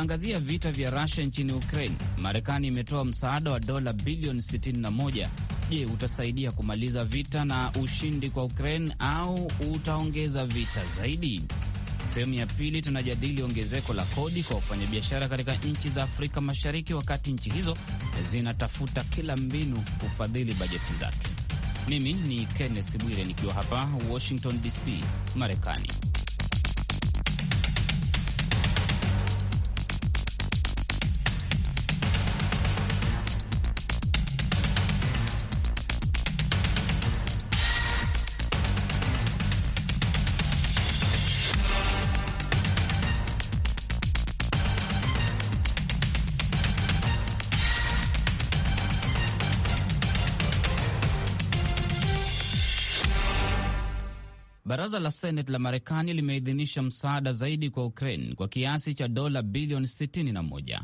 Tunaangazia vita vya Rusia nchini Ukraine. Marekani imetoa msaada wa dola bilioni 61. Je, utasaidia kumaliza vita na ushindi kwa Ukraine au utaongeza vita zaidi? Sehemu ya pili tunajadili ongezeko la kodi kwa wafanyabiashara katika nchi za Afrika Mashariki, wakati nchi hizo zinatafuta kila mbinu kufadhili bajeti zake. Mimi ni Kenneth Bwire nikiwa hapa Washington DC, Marekani. Baraza la Seneti la Marekani limeidhinisha msaada zaidi kwa Ukraine kwa kiasi cha dola bilioni 61.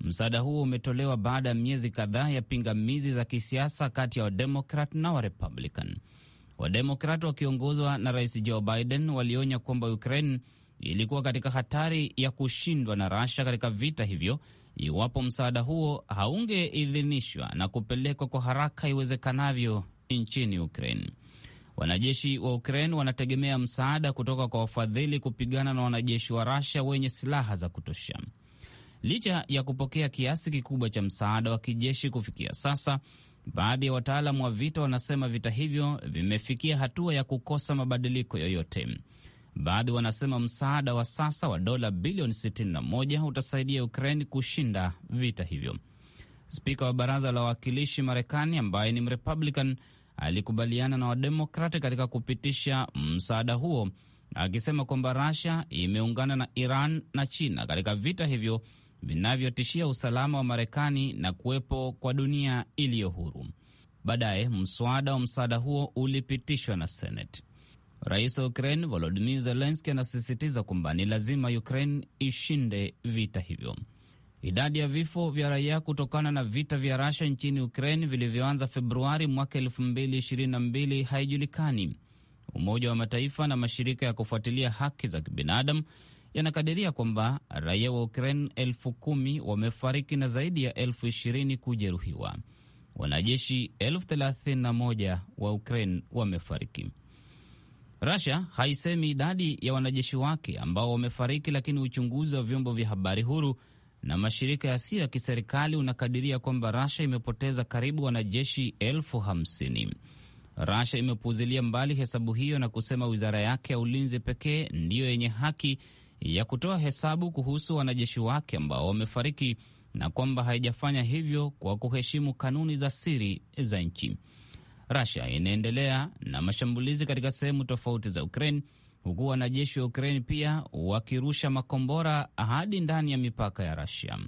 Msaada huo umetolewa baada ya miezi kadhaa ya pingamizi za kisiasa kati ya Wademokrat na Warepublican. Wademokrat wakiongozwa na Rais Joe Biden walionya kwamba Ukraine ilikuwa katika hatari ya kushindwa na Rasha katika vita hivyo iwapo msaada huo haungeidhinishwa na kupelekwa kwa haraka iwezekanavyo nchini Ukraine. Wanajeshi wa Ukraine wanategemea msaada kutoka kwa wafadhili kupigana na wanajeshi wa Russia wenye silaha za kutosha. Licha ya kupokea kiasi kikubwa cha msaada wa kijeshi kufikia sasa, baadhi ya wataalamu wa vita wanasema vita hivyo vimefikia hatua ya kukosa mabadiliko yoyote. Baadhi wanasema msaada wa sasa wa dola bilioni 61 utasaidia Ukraine kushinda vita hivyo. Spika wa baraza la wawakilishi Marekani ambaye ni Mrepublican alikubaliana na Wademokrati katika kupitisha msaada huo, akisema kwamba Russia imeungana na Iran na China katika vita hivyo vinavyotishia usalama wa Marekani na kuwepo kwa dunia iliyo huru. Baadaye mswada wa msaada huo ulipitishwa na Seneti. Rais wa Ukraine Volodimir Zelenski anasisitiza kwamba ni lazima Ukraine ishinde vita hivyo. Idadi ya vifo vya raia kutokana na vita vya rasha nchini Ukraine vilivyoanza Februari mwaka 2022 haijulikani. Umoja wa Mataifa na mashirika ya kufuatilia haki za kibinadamu yanakadiria kwamba raia wa Ukraine elfu kumi wamefariki na zaidi ya elfu ishirini kujeruhiwa. Wanajeshi elfu thelathini na moja wa Ukraine wamefariki. Russia haisemi idadi ya wanajeshi wake ambao wamefariki, lakini uchunguzi wa vyombo vya habari huru na mashirika yasiyo ya kiserikali unakadiria kwamba rasha imepoteza karibu wanajeshi elfu hamsini. imepuzilia imepuuzilia mbali hesabu hiyo na kusema wizara yake ya ulinzi pekee ndiyo yenye haki ya kutoa hesabu kuhusu wanajeshi wake ambao wamefariki na kwamba haijafanya hivyo kwa kuheshimu kanuni za siri za nchi. rasia inaendelea na mashambulizi katika sehemu tofauti za Ukraine huku wanajeshi wa Ukraini pia wakirusha makombora hadi ndani ya mipaka ya Rasia.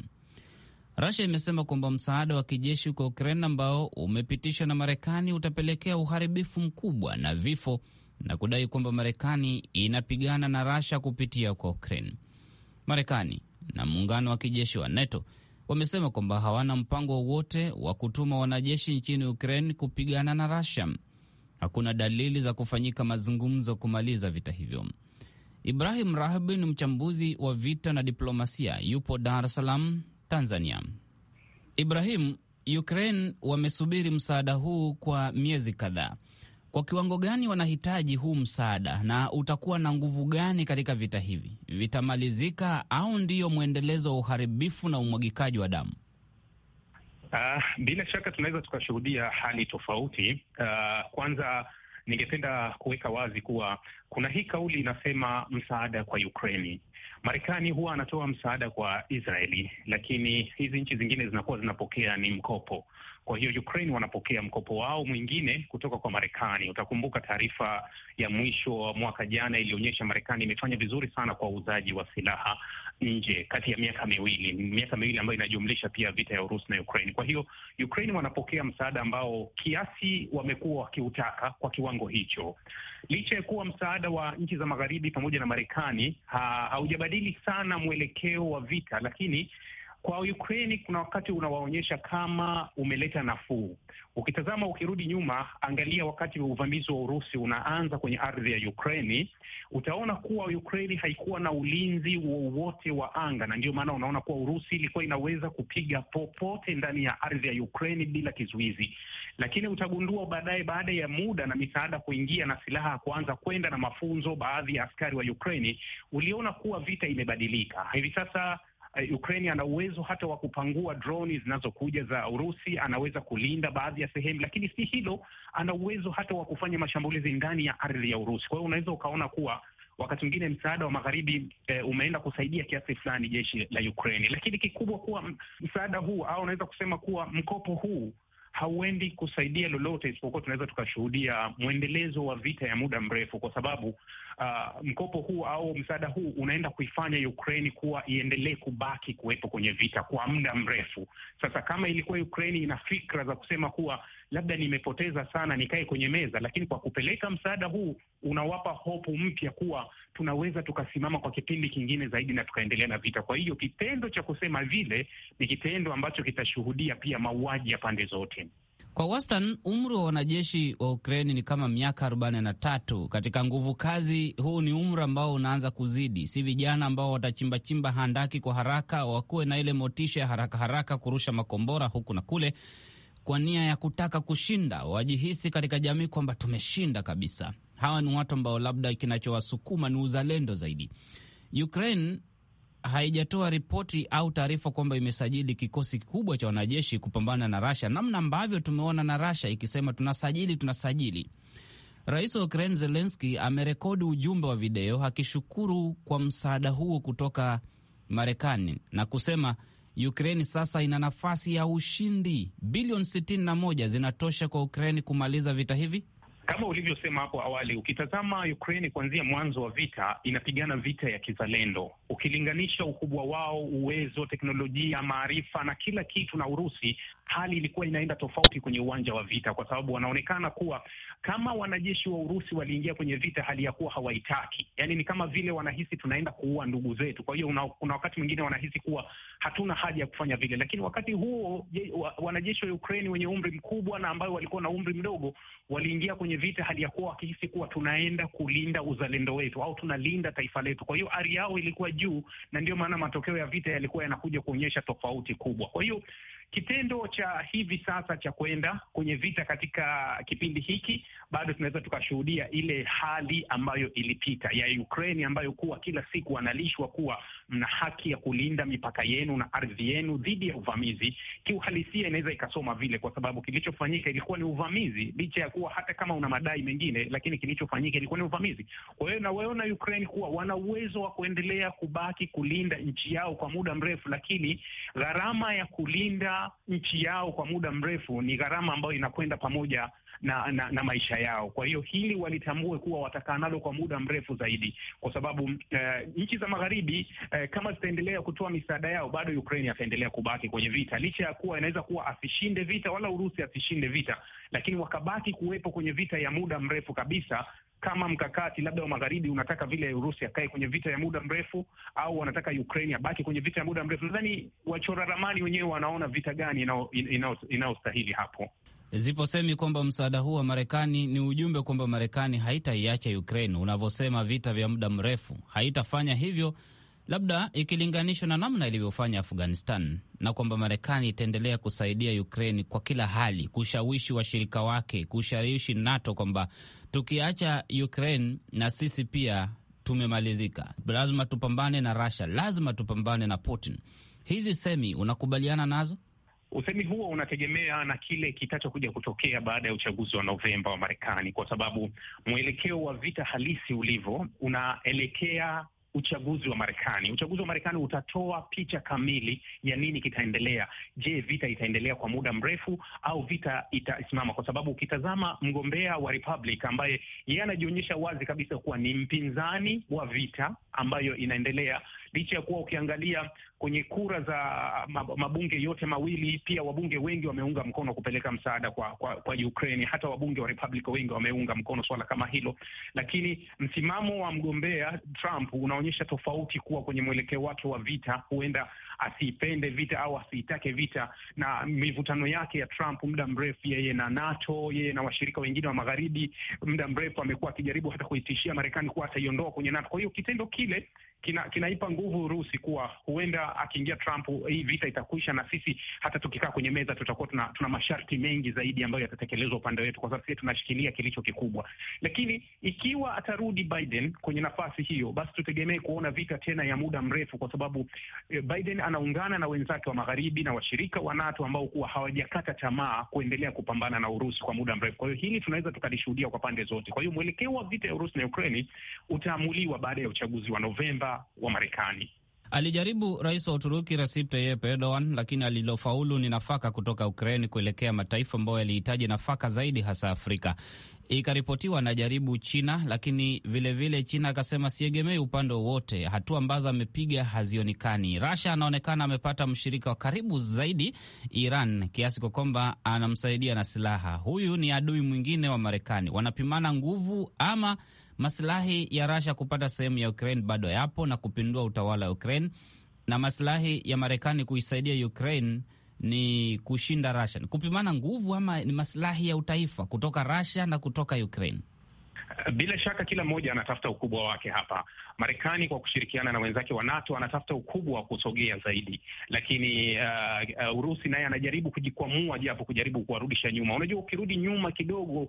Rasia imesema kwamba msaada wa kijeshi kwa Ukraini ambao umepitishwa na Marekani utapelekea uharibifu mkubwa na vifo na kudai kwamba Marekani inapigana na Rasha kupitia kwa Ukraini. Marekani na muungano wa kijeshi wa NATO wamesema kwamba hawana mpango wowote wa kutuma wanajeshi nchini Ukraini kupigana na Rasia hakuna dalili za kufanyika mazungumzo kumaliza vita hivyo. Ibrahim Rahbi ni mchambuzi wa vita na diplomasia, yupo Dar es Salaam, Tanzania. Ibrahim, Ukraine wamesubiri msaada huu kwa miezi kadhaa. Kwa kiwango gani wanahitaji huu msaada na utakuwa na nguvu gani katika vita hivi? Vitamalizika au ndiyo mwendelezo wa uharibifu na umwagikaji wa damu? Uh, bila shaka tunaweza tukashuhudia hali tofauti. Uh, kwanza ningependa kuweka wazi kuwa kuna hii kauli inasema msaada kwa Ukraini. Marekani huwa anatoa msaada kwa Israeli, lakini hizi nchi zingine zinakuwa zinapokea ni mkopo. Kwa hiyo Ukraine wanapokea mkopo wao mwingine kutoka kwa Marekani. Utakumbuka taarifa ya mwisho wa mwaka jana ilionyesha Marekani imefanya vizuri sana kwa uuzaji wa silaha nje kati ya miaka miwili, miaka miwili ambayo inajumlisha pia vita ya Urusi na Ukraine. Kwa hiyo Ukraine wanapokea msaada ambao kiasi wamekuwa wakiutaka kwa kiwango hicho, licha ya kuwa msaada wa nchi za magharibi pamoja na Marekani haujabadili sana mwelekeo wa vita, lakini kwa Ukraini kuna wakati unawaonyesha kama umeleta nafuu. Ukitazama ukirudi nyuma, angalia wakati uvamizi wa Urusi unaanza kwenye ardhi ya Ukraini, utaona kuwa Ukraini haikuwa na ulinzi wowote wa anga, na ndio maana unaona kuwa Urusi ilikuwa inaweza kupiga popote ndani ya ardhi ya Ukraini bila kizuizi. Lakini utagundua baadaye, baada ya muda na misaada kuingia na silaha kuanza kwenda na mafunzo, baadhi ya askari wa Ukraini, uliona kuwa vita imebadilika hivi sasa uh, Ukraine ana uwezo hata wa kupangua droni zinazokuja za Urusi, anaweza kulinda baadhi ya sehemu, lakini si hilo, ana uwezo hata wa kufanya mashambulizi ndani ya ardhi ya Urusi. Kwa hiyo unaweza ukaona kuwa wakati mwingine msaada wa magharibi eh, umeenda kusaidia kiasi fulani jeshi la Ukraine, lakini kikubwa kuwa msaada huu au unaweza kusema kuwa mkopo huu hauendi kusaidia lolote, isipokuwa tunaweza tukashuhudia mwendelezo wa vita ya muda mrefu, kwa sababu uh, mkopo huu au msaada huu unaenda kuifanya Ukraini kuwa iendelee kubaki kuwepo kwenye vita kwa muda mrefu. Sasa kama ilikuwa Ukraini ina fikra za kusema kuwa labda nimepoteza sana, nikae kwenye meza, lakini kwa kupeleka msaada huu unawapa hopu mpya kuwa tunaweza tukasimama kwa kipindi kingine zaidi na tukaendelea na vita. Kwa hiyo kitendo cha kusema vile ni kitendo ambacho kitashuhudia pia mauaji ya pande zote. Kwa wastan umri wa wanajeshi wa Ukraini ni kama miaka 43 katika nguvu kazi. Huu ni umri ambao unaanza kuzidi, si vijana ambao watachimbachimba handaki kwa haraka, wakuwe na ile motisha ya haraka haraka kurusha makombora huku na kule kwa nia ya kutaka kushinda, wajihisi katika jamii kwamba tumeshinda kabisa. Hawa ni watu ambao labda kinachowasukuma ni uzalendo zaidi. Ukraine haijatoa ripoti au taarifa kwamba imesajili kikosi kikubwa cha wanajeshi kupambana na Rasha, namna ambavyo tumeona na Rasha ikisema tunasajili, tunasajili. Rais wa Ukraine Zelenski amerekodi ujumbe wa video akishukuru kwa msaada huo kutoka Marekani na kusema Ukraini sasa ina nafasi ya ushindi. Bilioni 61 zinatosha kwa Ukraini kumaliza vita hivi kama ulivyosema hapo awali, ukitazama Ukraini kuanzia mwanzo wa vita inapigana vita ya kizalendo. Ukilinganisha ukubwa wao, uwezo, teknolojia, maarifa na kila kitu na Urusi, hali ilikuwa inaenda tofauti kwenye uwanja wa vita, kwa sababu wanaonekana kuwa kama wanajeshi wa Urusi waliingia kwenye vita hali ya kuwa hawaitaki, yani ni kama vile wanahisi tunaenda kuua ndugu zetu. Kwa hiyo kuna wakati mwingine wanahisi kuwa hatuna haja ya kufanya vile, lakini wakati huo wanajeshi wa Ukraini wenye umri mkubwa na ambayo walikuwa na umri mdogo waliingia kwenye vita hali ya kuwa wakihisi kuwa tunaenda kulinda uzalendo wetu au tunalinda taifa letu. Kwa hiyo ari yao ilikuwa juu, na ndio maana matokeo ya vita yalikuwa yanakuja kuonyesha tofauti kubwa. Kwa hiyo Kitendo cha hivi sasa cha kwenda kwenye vita katika kipindi hiki, bado tunaweza tukashuhudia ile hali ambayo ilipita ya Ukraine ambayo kuwa kila siku wanalishwa kuwa mna haki ya kulinda mipaka yenu na ardhi yenu dhidi ya uvamizi. Kiuhalisia inaweza ikasoma vile, kwa sababu kilichofanyika ilikuwa ni uvamizi, licha ya kuwa hata kama una madai mengine, lakini kilichofanyika ilikuwa ni uvamizi. Kwa hiyo nawaona Ukraine kuwa wana uwezo wa kuendelea kubaki kulinda nchi yao kwa muda mrefu, lakini gharama ya kulinda nchi yao kwa muda mrefu ni gharama ambayo inakwenda pamoja na, na na maisha yao. Kwa hiyo hili walitambue kuwa watakaa nalo kwa muda mrefu zaidi, kwa sababu uh, nchi za magharibi uh, eh, kama zitaendelea kutoa misaada yao, bado Ukraine ataendelea kubaki kwenye vita, licha ya kuwa inaweza kuwa asishinde vita wala Urusi asishinde vita, lakini wakabaki kuwepo kwenye vita ya muda mrefu kabisa kama mkakati labda wa magharibi unataka vile Urusi akae kwenye vita ya muda mrefu au wanataka Ukraine abaki kwenye vita ya muda mrefu. Nadhani wachora ramani wenyewe wanaona vita gani inayostahili hapo. Zipo semi kwamba msaada huu wa Marekani ni ujumbe kwamba Marekani haitaiacha Ukraine, unavyosema vita vya muda mrefu, haitafanya hivyo labda ikilinganishwa na namna ilivyofanya Afghanistan, na kwamba Marekani itaendelea kusaidia Ukraine kwa kila hali, kushawishi washirika wake, kushawishi NATO kwamba tukiacha Ukraine na sisi pia tumemalizika, lazima tupambane na Russia, lazima tupambane na Putin. Hizi semi unakubaliana nazo? Usemi huo unategemea na kile kitachokuja kutokea baada ya uchaguzi wa Novemba wa Marekani, kwa sababu mwelekeo wa vita halisi ulivyo unaelekea uchaguzi wa Marekani. Uchaguzi wa Marekani utatoa picha kamili ya nini kitaendelea. Je, vita itaendelea kwa muda mrefu au vita itasimama? Kwa sababu ukitazama mgombea wa Republic ambaye yeye anajionyesha wazi kabisa kuwa ni mpinzani wa vita ambayo inaendelea licha ya kuwa ukiangalia kwenye kura za mabunge yote mawili, pia wabunge wengi wameunga mkono kupeleka msaada kwa kwa, kwa Ukraine. Hata wabunge wa Republican wengi wameunga mkono swala kama hilo, lakini msimamo wa mgombea Trump unaonyesha tofauti kuwa kwenye mwelekeo wake wa vita huenda asipende vita au asiitake vita, na mivutano yake ya Trump muda mrefu, yeye na NATO, yeye na washirika wengine wa magharibi, muda mrefu amekuwa akijaribu hata kuitishia Marekani kuwa ataiondoa kwenye NATO. Kwa hiyo kitendo kile kina kinaipa nguvu Urusi kuwa huenda akiingia Trump hii vita itakwisha, na sisi hata tukikaa kwenye meza tutakuwa tuna, tuna masharti mengi zaidi ambayo yatatekelezwa upande wetu, kwa sababu sisi tunashikilia kilicho kikubwa. Lakini ikiwa atarudi Biden kwenye nafasi hiyo, basi tutegemee kuona vita tena ya muda mrefu, kwa sababu eh, Biden anaungana na wenzake wa magharibi na washirika wa NATO ambao kuwa hawajakata tamaa kuendelea kupambana na Urusi kwa muda mrefu. Kwa hiyo hili tunaweza tukalishuhudia kwa pande zote. Kwa hiyo mwelekeo wa vita ya Urusi na Ukraini utaamuliwa baada ya uchaguzi wa Novemba wa Marekani. Alijaribu rais wa Uturuki Recep Tayyip Erdogan, lakini alilofaulu ni nafaka kutoka Ukraini kuelekea mataifa ambayo yalihitaji nafaka zaidi, hasa Afrika ikaripotiwa na jaribu China, lakini vilevile vile China akasema siegemei upande wowote. Hatua ambazo amepiga hazionekani. rasha anaonekana amepata mshirika wa karibu zaidi Iran, kiasi kwa kwamba anamsaidia na silaha. Huyu ni adui mwingine wa Marekani. Wanapimana nguvu ama masilahi ya rasha kupata sehemu ya Ukraine bado yapo na kupindua utawala wa Ukraine na masilahi ya Marekani kuisaidia Ukraine ni kushinda Russia, ni kupimana nguvu ama ni masilahi ya utaifa kutoka Russia na kutoka Ukraine? Bila shaka kila mmoja anatafuta ukubwa wake hapa. Marekani kwa kushirikiana na wenzake wa NATO anatafuta ukubwa wa kusogea zaidi, lakini uh, uh, Urusi naye anajaribu kujikwamua, japo kujaribu kuwarudisha nyuma. Unajua, ukirudi nyuma kidogo uh,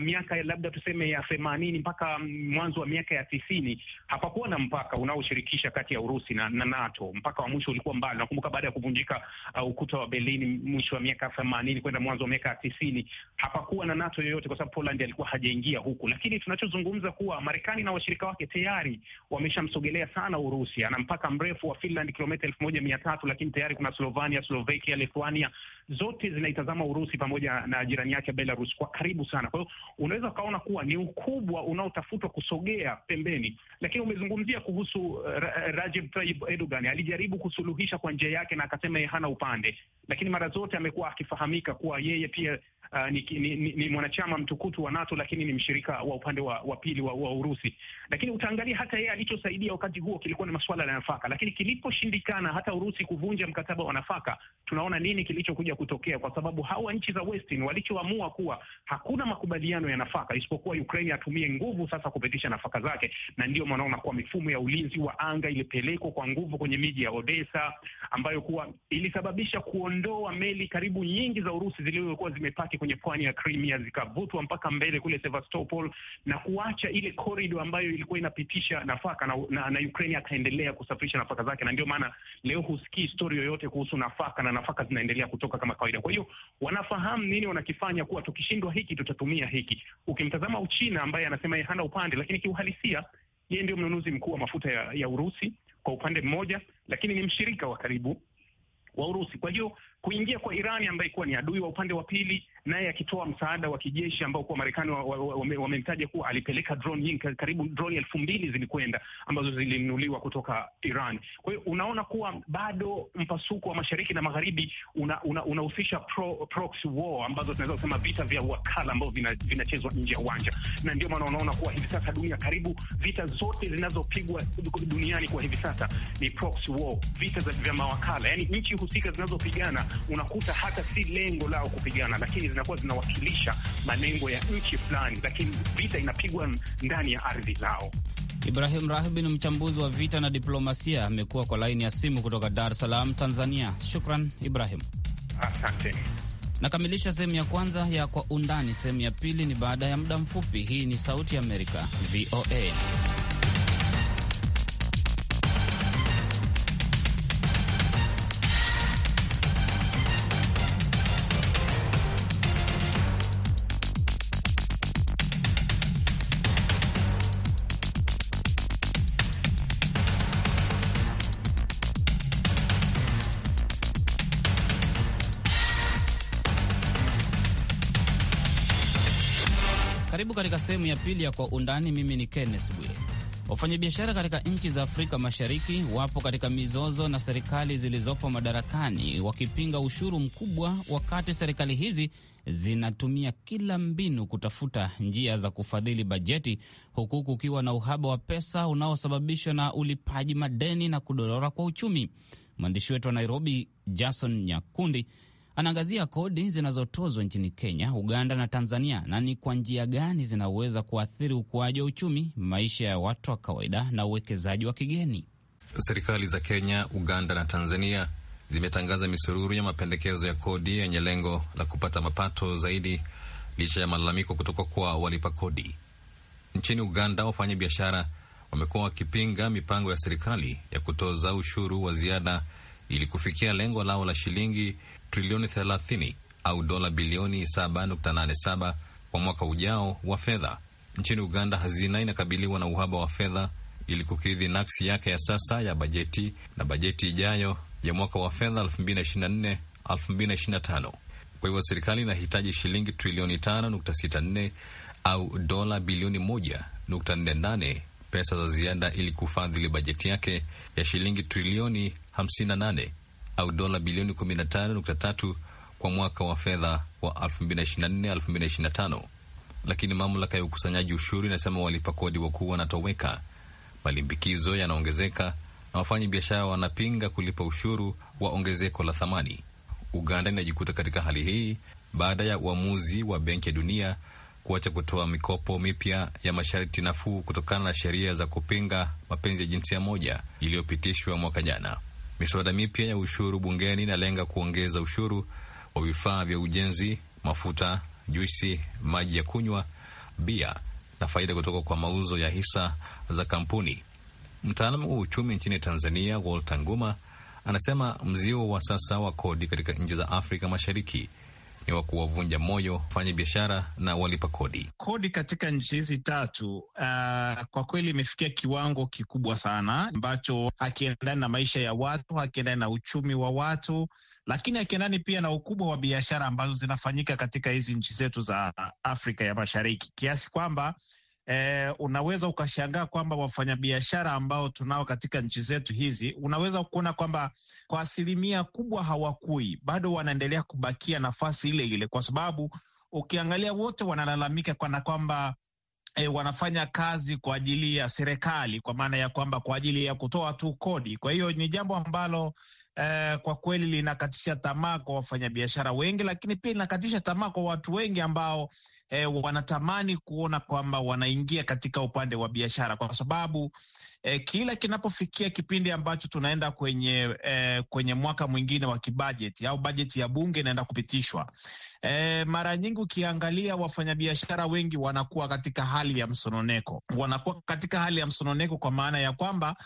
miaka labda tuseme ya themanini mpaka mwanzo wa miaka ya tisini hapakuwa na mpaka unaoshirikisha kati ya Urusi na, na NATO. Mpaka wa mwisho ulikuwa mbali. Nakumbuka baada ya kuvunjika uh, ukuta wa Berlin mwisho wa miaka themanini kwenda mwanzo wa miaka ya tisini hapakuwa na NATO yoyote, kwa sababu Poland alikuwa hajaingia huku, lakini lakini tunachozungumza kuwa Marekani na washirika wake tayari wameshamsogelea sana Urusi. Ana mpaka mrefu wa Finland kilomita elfu moja mia tatu lakini tayari kuna Slovenia, Slovakia, Lithuania zote zinaitazama Urusi pamoja na jirani yake Belarus kwa karibu sana. Kwa hiyo unaweza ukaona kuwa ni ukubwa unaotafutwa kusogea pembeni, lakini umezungumzia kuhusu uh, Rajab Tayyip Erdogan. Alijaribu kusuluhisha kwa njia yake na akasema hana upande, lakini mara zote amekuwa akifahamika kuwa yeye pia uh, ni, ni, ni, ni mwanachama mtukutu wa NATO, lakini ni mshirika wa upande wa, wa pili wa, wa Urusi. Lakini utaangalia hata yeye alichosaidia wakati huo kilikuwa ni masuala ya nafaka, lakini kiliposhindikana hata Urusi kuvunja mkataba wa nafaka, tunaona nini kilichokuja kutokea, kwa sababu hawa nchi za Western walichoamua kuwa hakuna makubaliano ya nafaka isipokuwa Ukraine atumie nguvu sasa kupitisha nafaka zake, na ndio maana unakuwa mifumo ya ulinzi wa anga ilipelekwa kwa nguvu kwenye miji ya Odessa ambayo kuwa ilisababisha kuondoa meli karibu nyingi za Urusi zilizokuwa zimepaki kwenye pwani ya Crimea zikavutwa mpaka mbele kule Sevastopol na kuacha ile korido ambayo ilikuwa inapitisha nafaka na, na, na Ukraine akaendelea kusafirisha nafaka zake, na ndio maana leo husikii story yoyote kuhusu nafaka na nafaka zinaendelea kutoka kama kawaida. Kwa hiyo wanafahamu nini wanakifanya, kuwa tukishindwa hiki tutatumia hiki. Ukimtazama Uchina ambaye anasema yeye hana upande, lakini kiuhalisia yeye ndio mnunuzi mkuu wa mafuta ya, ya Urusi kwa upande mmoja, lakini ni mshirika wa karibu wa Urusi. Kwa hiyo kuingia kwa Irani ambaye kuwa ni adui wa upande wa pili, naye akitoa msaada wa kijeshi ambao kuwa Marekani wamemtaja wa, wa, wa, kuwa alipeleka drone nyingi, karibu drone elfu mbili zilikwenda ambazo zilinunuliwa kutoka Iran. Kwa hiyo unaona kuwa bado mpasuko wa mashariki na magharibi unahusisha una, una pro, proxy war ambazo tunaweza kusema vita vya wakala ambao vinachezwa vina nje ya uwanja, na ndio maana unaona kuwa hivi sasa dunia, karibu vita zote zinazopigwa duniani kwa hivi sasa ni proxy war, vita za vya mawakala, yani nchi husika zinazopigana unakuta hata si lengo lao kupigana, lakini zinakuwa zinawakilisha malengo ya nchi fulani, lakini vita inapigwa ndani ya ardhi zao Ibrahim Rahbi ni mchambuzi wa vita na diplomasia, amekuwa kwa laini ya simu kutoka Dar es Salaam, Tanzania. Shukran Ibrahim, asante. Nakamilisha sehemu ya kwanza ya Kwa Undani. Sehemu ya pili ni baada ya muda mfupi. Hii ni Sauti ya Amerika, VOA. katika sehemu ya pili ya Kwa Undani. Mimi ni Kenneth Bwire. Wafanyabiashara katika nchi za Afrika Mashariki wapo katika mizozo na serikali zilizopo madarakani, wakipinga ushuru mkubwa, wakati serikali hizi zinatumia kila mbinu kutafuta njia za kufadhili bajeti, huku kukiwa na uhaba wa pesa unaosababishwa na ulipaji madeni na kudorora kwa uchumi. Mwandishi wetu wa Nairobi, Jason Nyakundi, Anaangazia kodi zinazotozwa nchini Kenya, Uganda na Tanzania na ni kwa njia gani zinaweza kuathiri ukuaji wa uchumi, maisha ya watu wa kawaida na uwekezaji wa kigeni. Serikali za Kenya, Uganda na Tanzania zimetangaza misururu ya mapendekezo ya kodi yenye lengo la kupata mapato zaidi licha ya malalamiko kutoka kwa walipa kodi. Nchini Uganda, wafanya biashara wamekuwa wakipinga mipango ya serikali ya kutoza ushuru wa ziada ili kufikia lengo lao la shilingi trilioni 30 au dola bilioni 7.87 kwa mwaka ujao wa fedha. Nchini Uganda, hazina inakabiliwa na uhaba wa fedha ili kukidhi nakisi yake ya sasa ya bajeti na bajeti ijayo ya mwaka wa fedha 2024 2025. Kwa hivyo serikali inahitaji shilingi trilioni 5.64 au dola bilioni 1.48 pesa za ziada ili kufadhili bajeti yake ya shilingi trilioni 58 au dola bilioni 15.3 kwa mwaka wa fedha wa 2024-2025, lakini mamlaka ya ukusanyaji ushuru inasema walipa kodi wakuu wanatoweka, malimbikizo yanaongezeka na wafanyabiashara biashara wanapinga kulipa ushuru wa ongezeko la thamani. Uganda inajikuta katika hali hii baada ya uamuzi wa Benki ya Dunia kuacha kutoa mikopo mipya ya masharti nafuu kutokana na sheria za kupinga mapenzi ya jinsia moja iliyopitishwa mwaka jana. Miswada mipya ya ushuru bungeni inalenga kuongeza ushuru wa vifaa vya ujenzi, mafuta, juisi, maji ya kunywa, bia na faida kutoka kwa mauzo ya hisa za kampuni. Mtaalamu wa uchumi nchini Tanzania, Walter Nguma, anasema mzio wa sasa wa kodi katika nchi za Afrika Mashariki ni wa kuwavunja moyo wafanya biashara na walipa kodi. Kodi katika nchi hizi tatu, uh, kwa kweli imefikia kiwango kikubwa sana ambacho hakiendani na maisha ya watu, hakiendani na uchumi wa watu lakini akiendani pia na ukubwa wa biashara ambazo zinafanyika katika hizi nchi zetu za Afrika ya Mashariki, kiasi kwamba eh, unaweza ukashangaa kwamba wafanyabiashara ambao tunao katika nchi zetu hizi, unaweza kuona kwamba kwa asilimia kubwa hawakui, bado wanaendelea kubakia nafasi ile ile, kwa sababu ukiangalia wote wanalalamika kana kwamba E, wanafanya kazi kwa ajili ya serikali, kwa maana ya kwamba kwa ajili ya kutoa tu kodi. Kwa hiyo ni jambo ambalo e, kwa kweli linakatisha tamaa kwa wafanyabiashara wengi, lakini pia linakatisha tamaa kwa watu wengi ambao e, wanatamani kuona kwamba wanaingia katika upande wa biashara kwa sababu e, kila kinapofikia kipindi ambacho tunaenda kwenye e, kwenye mwaka mwingine wa kibajeti au bajeti ya bunge inaenda kupitishwa E, mara nyingi ukiangalia wafanyabiashara wengi wanakuwa katika hali ya msononeko, wanakuwa katika hali ya msononeko kwa maana ya kwamba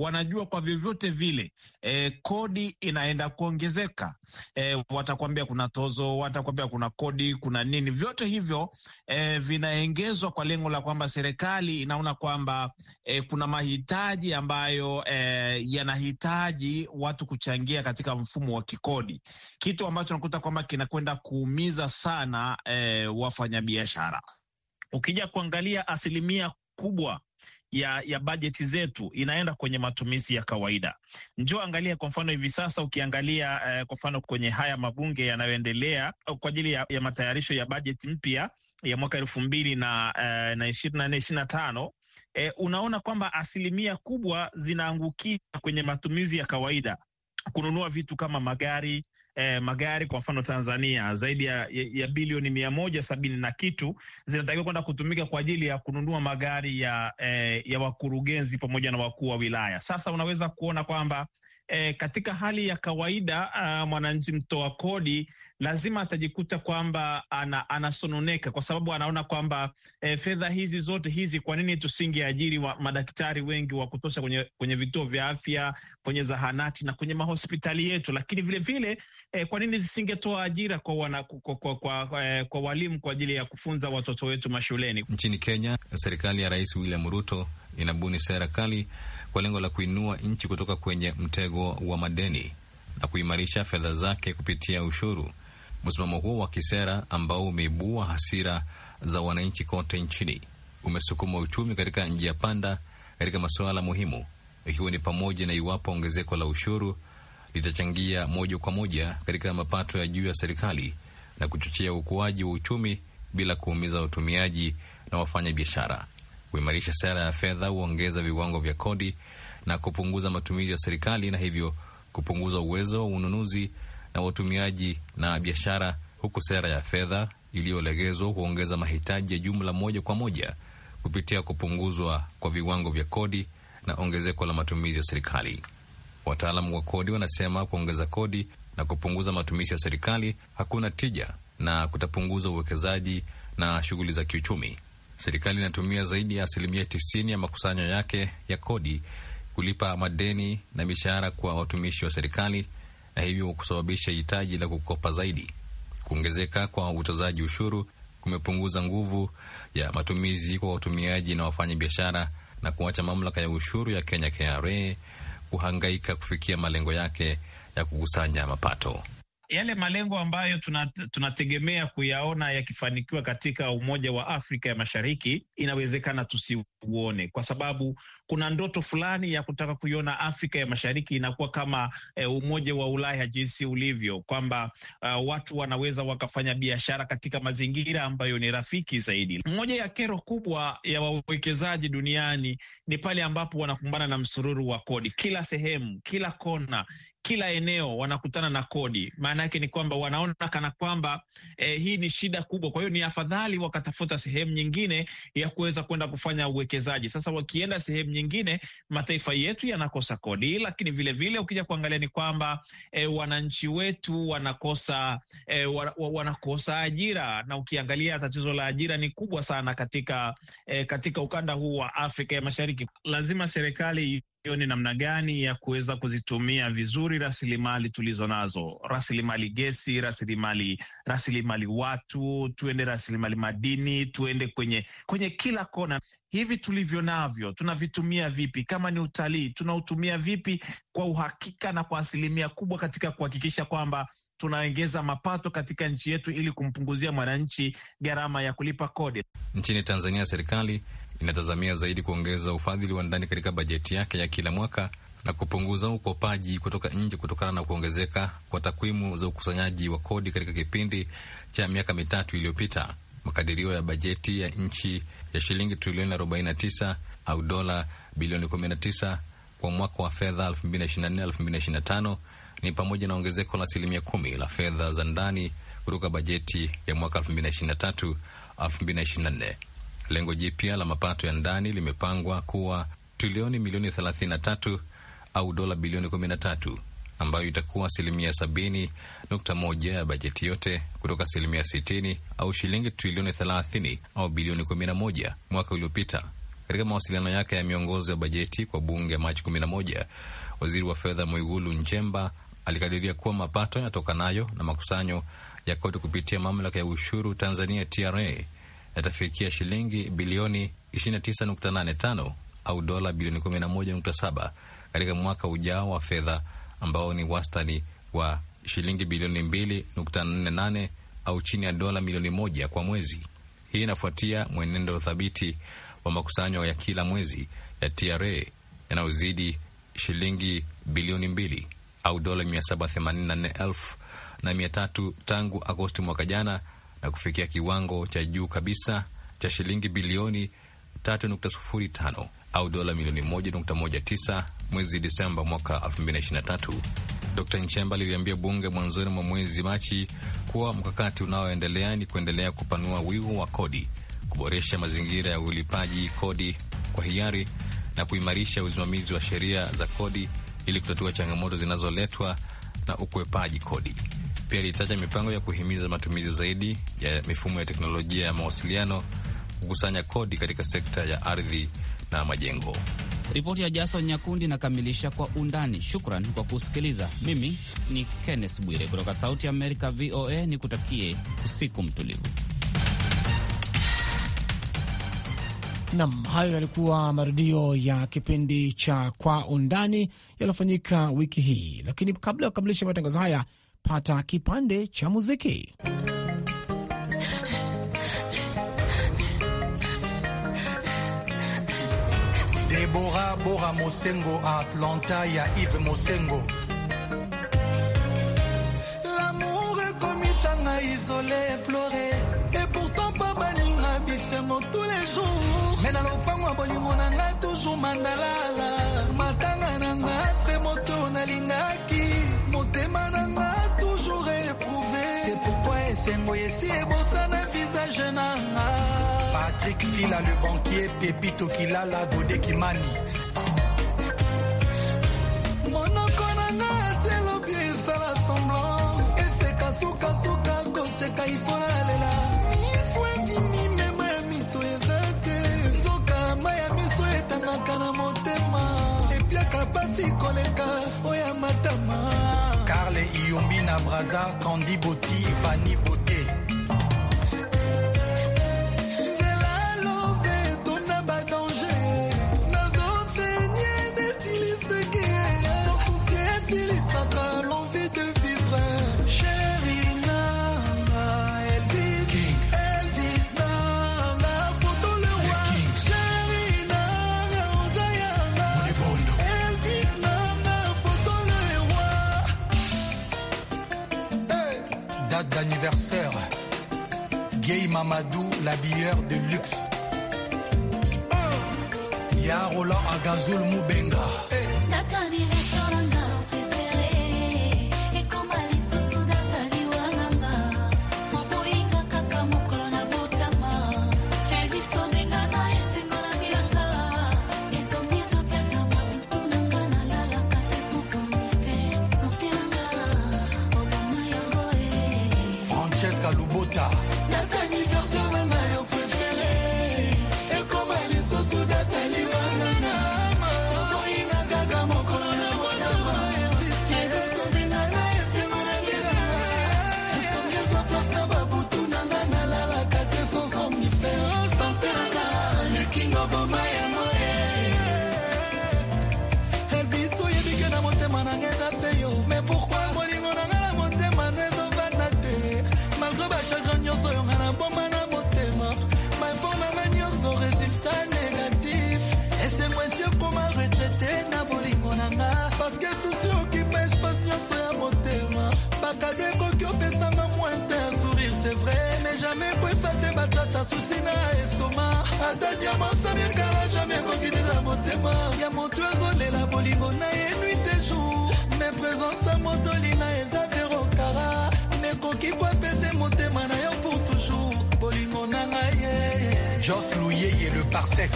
wanajua kwa vyovyote vile e, kodi inaenda kuongezeka. E, watakwambia kuna tozo, watakwambia kuna kodi, kuna nini, vyote hivyo e, vinaengezwa kwa lengo la kwamba serikali inaona kwamba e, kuna mahitaji ambayo e, yanahitaji watu kuchangia katika mfumo wa kikodi, kitu ambacho nakuta kwamba kinakwenda kuumiza sana e, wafanyabiashara. Ukija kuangalia asilimia kubwa ya ya bajeti zetu inaenda kwenye matumizi ya kawaida. Njoo angalia kwa mfano hivi sasa, ukiangalia eh, kwa mfano kwenye haya mabunge yanayoendelea kwa ajili ya, ya matayarisho ya bajeti mpya ya mwaka elfu mbili eh, na ishirini na nne ishirini na tano eh, unaona kwamba asilimia kubwa zinaangukia kwenye matumizi ya kawaida kununua vitu kama magari eh, magari kwa mfano Tanzania zaidi ya, ya bilioni mia moja sabini na kitu zinatakiwa kwenda kutumika kwa ajili ya kununua magari ya, eh, ya wakurugenzi pamoja na wakuu wa wilaya. Sasa unaweza kuona kwamba E, katika hali ya kawaida uh, mwananchi mtoa kodi lazima atajikuta kwamba ana, anasononeka kwa sababu anaona kwamba e, fedha hizi zote hizi, kwa nini tusingeajiri madaktari wengi wa kutosha kwenye, kwenye vituo vya afya, kwenye zahanati na kwenye mahospitali yetu? Lakini vilevile e, eh, kwa nini zisingetoa ajira kwa, wana, kwa, kwa, kwa, kwa, eh, kwa walimu kwa ajili ya kufunza watoto wetu mashuleni? Nchini Kenya, serikali ya Rais William Ruto inabuni sera kali kwa lengo la kuinua nchi kutoka kwenye mtego wa madeni na kuimarisha fedha zake kupitia ushuru. Msimamo huo wa kisera ambao umeibua hasira za wananchi kote nchini umesukuma uchumi katika njia panda katika masuala muhimu, ikiwa ni pamoja na iwapo ongezeko la ushuru litachangia moja kwa moja katika mapato ya juu ya serikali na kuchochea ukuaji wa uchumi bila kuumiza watumiaji na wafanya biashara. Kuimarisha sera ya fedha huongeza viwango vya kodi na kupunguza matumizi ya serikali na hivyo kupunguza uwezo wa ununuzi na watumiaji na biashara, huku sera ya fedha iliyolegezwa kuongeza mahitaji ya jumla moja kwa moja kupitia kupunguzwa kwa viwango vya kodi na ongezeko la matumizi ya serikali. Wataalamu wa kodi wanasema kuongeza kodi na kupunguza matumizi ya serikali hakuna tija na kutapunguza uwekezaji na shughuli za kiuchumi. Serikali inatumia zaidi ya asilimia tisini ya makusanyo yake ya kodi kulipa madeni na mishahara kwa watumishi wa serikali na hivyo kusababisha hitaji la kukopa zaidi. Kuongezeka kwa utozaji ushuru kumepunguza nguvu ya matumizi kwa watumiaji na wafanya biashara na kuacha mamlaka ya ushuru ya Kenya KRA kuhangaika kufikia malengo yake ya kukusanya mapato yale malengo ambayo tunategemea kuyaona yakifanikiwa katika Umoja wa Afrika ya Mashariki inawezekana tusiuone, kwa sababu kuna ndoto fulani ya kutaka kuiona Afrika ya Mashariki inakuwa kama e, Umoja wa Ulaya jinsi ulivyo, kwamba uh, watu wanaweza wakafanya biashara katika mazingira ambayo ni rafiki zaidi. Moja ya kero kubwa ya wawekezaji duniani ni pale ambapo wanakumbana na msururu wa kodi kila sehemu, kila kona kila eneo wanakutana na kodi. Maana yake ni kwamba wanaona kana kwamba eh, hii ni shida kubwa, kwa hiyo ni afadhali wakatafuta sehemu nyingine ya kuweza kwenda kufanya uwekezaji. Sasa wakienda sehemu nyingine, mataifa yetu yanakosa kodi, lakini vilevile ukija kuangalia ni kwamba eh, wananchi wetu wanakosa eh, wanakosa ajira, na ukiangalia tatizo la ajira ni kubwa sana katika eh, katika ukanda huu wa Afrika ya Mashariki. Lazima serikali hiyo ni namna gani ya kuweza kuzitumia vizuri rasilimali tulizo nazo, rasilimali gesi, rasilimali rasilimali watu, tuende rasilimali madini, tuende kwenye kwenye kila kona. Hivi tulivyo navyo tunavitumia vipi? Kama ni utalii, tunautumia vipi kwa uhakika na kwa asilimia kubwa katika kuhakikisha kwamba tunaongeza mapato katika nchi yetu ili kumpunguzia mwananchi gharama ya kulipa kodi. Nchini Tanzania, serikali inatazamia zaidi kuongeza ufadhili wa ndani katika bajeti yake ya kila mwaka na kupunguza ukopaji kutoka nje kutokana na kuongezeka kwa takwimu za ukusanyaji wa kodi katika kipindi cha miaka mitatu iliyopita. Makadirio ya bajeti ya nchi ya shilingi trilioni 49 au dola bilioni 19 kwa mwaka wa fedha 2024/2025 ni pamoja na ongezeko la asilimia kumi la fedha za ndani kutoka bajeti ya mwaka 2023/2024. Lengo jipya la mapato ya ndani limepangwa kuwa trilioni milioni 33 au dola bilioni 13 ambayo itakuwa asilimia 70.1 ya bajeti yote kutoka asilimia 60 au shilingi trilioni 30 au bilioni 11 mwaka uliopita. Katika mawasiliano yake ya miongozo ya bajeti kwa bunge Machi 11, waziri wa fedha Mwigulu Nchemba alikadiria kuwa mapato yatokanayo na makusanyo ya kodi kupitia mamlaka ya ushuru Tanzania TRA yatafikia shilingi bilioni 29.85 au dola bilioni 11.7 katika mwaka ujao wa fedha ambao ni wastani wa shilingi bilioni 2.48 au chini ya dola milioni moja kwa mwezi. Hii inafuatia mwenendo thabiti wa makusanyo ya kila mwezi ya TRA yanayozidi shilingi bilioni mbili au dola 784,300 tangu Agosti mwaka jana na kufikia kiwango cha juu kabisa cha shilingi bilioni 3.05 au dola milioni 1.19 mwezi Disemba mwaka 2023. Dkt Nchemba liliambia bunge mwanzoni mwa mwezi Machi kuwa mkakati unaoendelea ni kuendelea kupanua wigo wa kodi, kuboresha mazingira ya ulipaji kodi kwa hiari na kuimarisha usimamizi wa sheria za kodi ili kutatua changamoto zinazoletwa na ukwepaji kodi. Pia ilitaja mipango ya kuhimiza matumizi zaidi ya mifumo ya teknolojia ya mawasiliano kukusanya kodi katika sekta ya ardhi na majengo. Ripoti ya Jason Nyakundi inakamilisha kwa undani. Shukran kwa kusikiliza. Mimi ni Kenneth Bwire kutoka Sauti ya Amerika, VOA. Ni kutakie usiku mtulivu. Nam, hayo yalikuwa marudio ya kipindi cha Kwa Undani yaliyofanyika wiki hii, lakini kabla ya kukamilisha matangazo haya pata kipande cha muziki. Debora Bora Mosengo Atlanta ya Yves Mosengo L'amour ekomitanga isolé pleuré et pourtant pa baninga bifemo tous les jours mais na lopango bolingo na toujours mandalala matanga na ngai fe moto nalingaki motema na esengo esi ebosana visage nanga patrik fila le banquier pepito kilala godekimani Brasard, Candy Botti, Fanny Botti. ya rola a gazul mubenga hey. Eh. motu ezolela bolingo na ye nuit et jour me présence ya motolina eza zero kara nekoki kwapete motema na yo pour toujours bolingo na ngai ye jos le parsec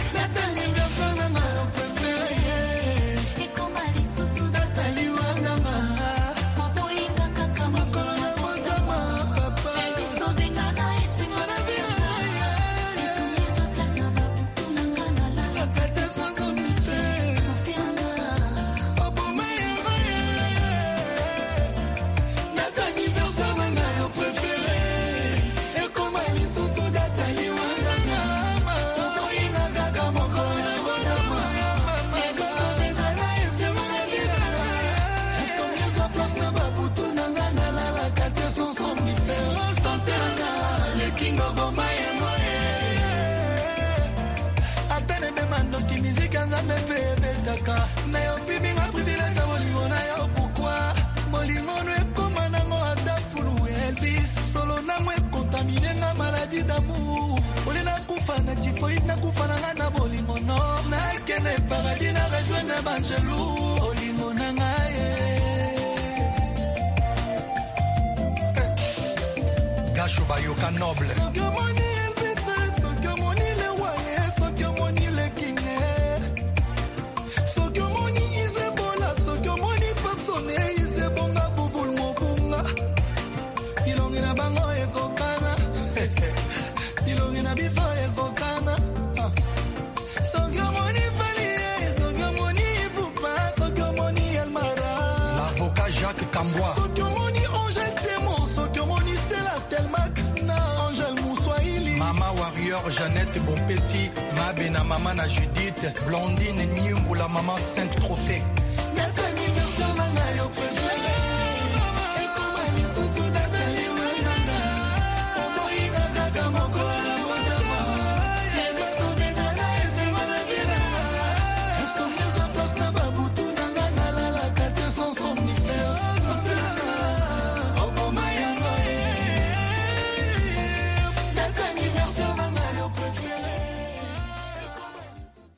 maman à Judith, Blondine et Pour la maman 5 trophées